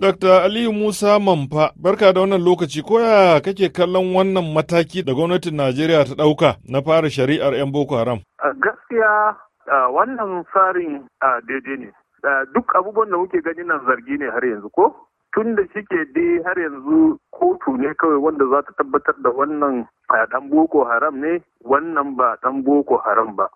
Dr. Aliyu Musa Mamfa, barka da wannan lokaci koya kake kallon wannan mataki da gwamnatin Najeriya ta ɗauka na fara shari'ar 'yan Boko Haram? Gaskiya wannan tsarin daidai ne. Duk abubuwan da muke gani nan zargi ne har yanzu ko? Tun da shike dai har yanzu kotu ne kawai wanda za ta tabbatar da wannan ɗan Boko Haram ne, wannan ba ɗan Boko Haram ba.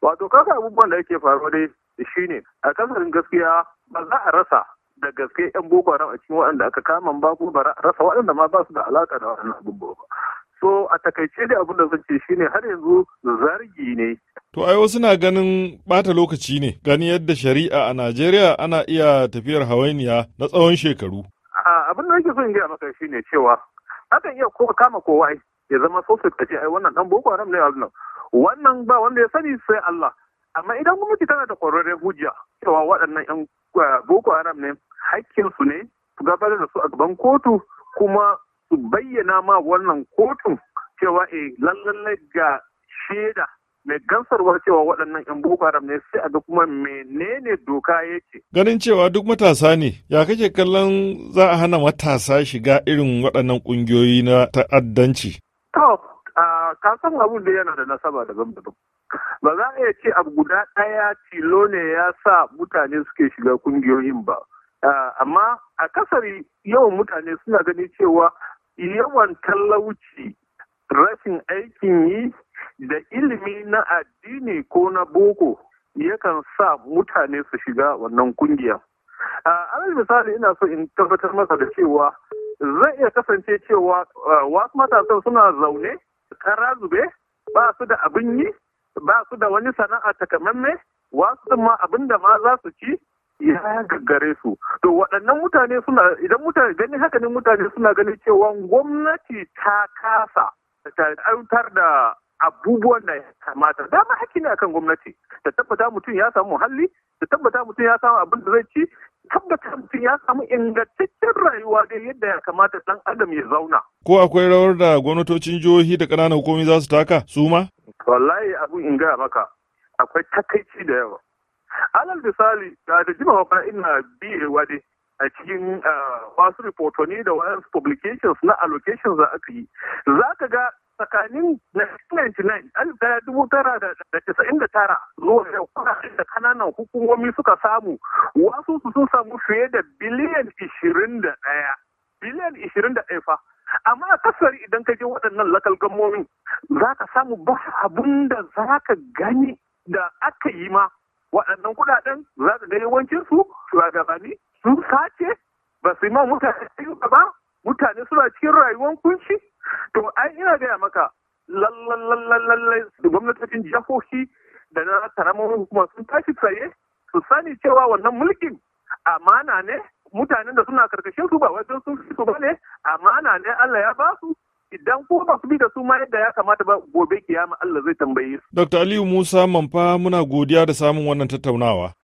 Wato kaka abubuwan da yake faruwa dai shine a kasarin gaskiya ba za a rasa da gaske yan boko haram a cikin waɗanda aka kama ba ko ba rasa waɗanda ma ba su da alaƙa da waɗannan abubuwa so a takaice dai abin da zan ce shine har yanzu zargi ne To ai wasu na ganin bata lokaci ne gani yadda shari'a a Najeriya ana iya tafiyar hawainiya na tsawon shekaru. Abin da nake son gaya maka shine cewa akan iya ko kama kowa ya zama sosai ka ce ai wannan dan boko haram ne wannan wannan ba wanda ya sani sai Allah amma idan gwamnati tana da kwararren hujja cewa waɗannan yan boko haram ne su ne su gabatar da su a gaban kotu kuma su bayyana ma wannan kotun cewa e lallai ga shaida mai gansarwa cewa waɗannan 'yan boko haram ne sai a ga kuma menene doka yake. Ganin cewa duk matasa ne, ya kake kallon za a hana matasa shiga irin waɗannan ƙungiyoyi na ta'addanci? To, ka san abun da yana da nasaba daban-daban. ba za a iya ce abu guda ɗaya tilo ne ya sa mutane suke shiga kungiyoyin ba amma a kasari yawan mutane suna gani cewa yawan talauci rashin aikin yi da ilimi na addini ko na boko yakan sa mutane su shiga wannan kungiya alal misali ina so in tabbatar masa da cewa zai iya kasance cewa wasu matasan suna zaune kara zube ba su da abin yi ba su da wani sana'a takamamme wasu ma abin da ma za su ci ya gaggare su to waɗannan mutane suna idan mutane gani haka ne mutane suna ganin cewa gwamnati ta kasa ta aiwatar da abubuwan da ya kamata dama haƙƙi ne akan gwamnati ta tabbata mutum ya samu muhalli ta tabbata mutum ya samu abin da zai ci tabbata mutum ya samu ingantaccen rayuwa dai yadda ya kamata ɗan adam ya zauna ko akwai rawar da gwamnatocin jihohi da ƙananan hukumomi za su taka su ma wallahi abin in gaya maka akwai takaici da yawa alal misali ga da jima ba ina biye wade a cikin wasu ripotoni da wasu publications na allocation za a yi za ka ga tsakanin 1999 alif daya dubu tara da casa'in da tara zuwa yau kuɗaɗen da kananan hukumomi suka samu wasu su sun samu fiye da biliyan ishirin da biliyan ishirin da fa amma a kasari idan ka je waɗannan lakal gammomin za ka samu ba abin da za ka gani da aka yi ma waɗannan kuɗaɗen za ka ga yawancin su shugabanni su sace ba su yi ma mutane ayyuka ba mutane suna cikin rayuwar kunshi to an ina gaya maka lallai gwamnatocin jihohi da na karamar hukuma sun tashi tsaye su sani cewa wannan mulkin amana ne mutanen da suna karkashin su ba wajen sun fito ba ne amana ne Allah ya ba su idan ko ba su bi da su ma yadda ya kamata ba gobe kiyama Allah zai tambaye su. Dr. Aliyu Musa mamfa muna godiya da samun wannan tattaunawa.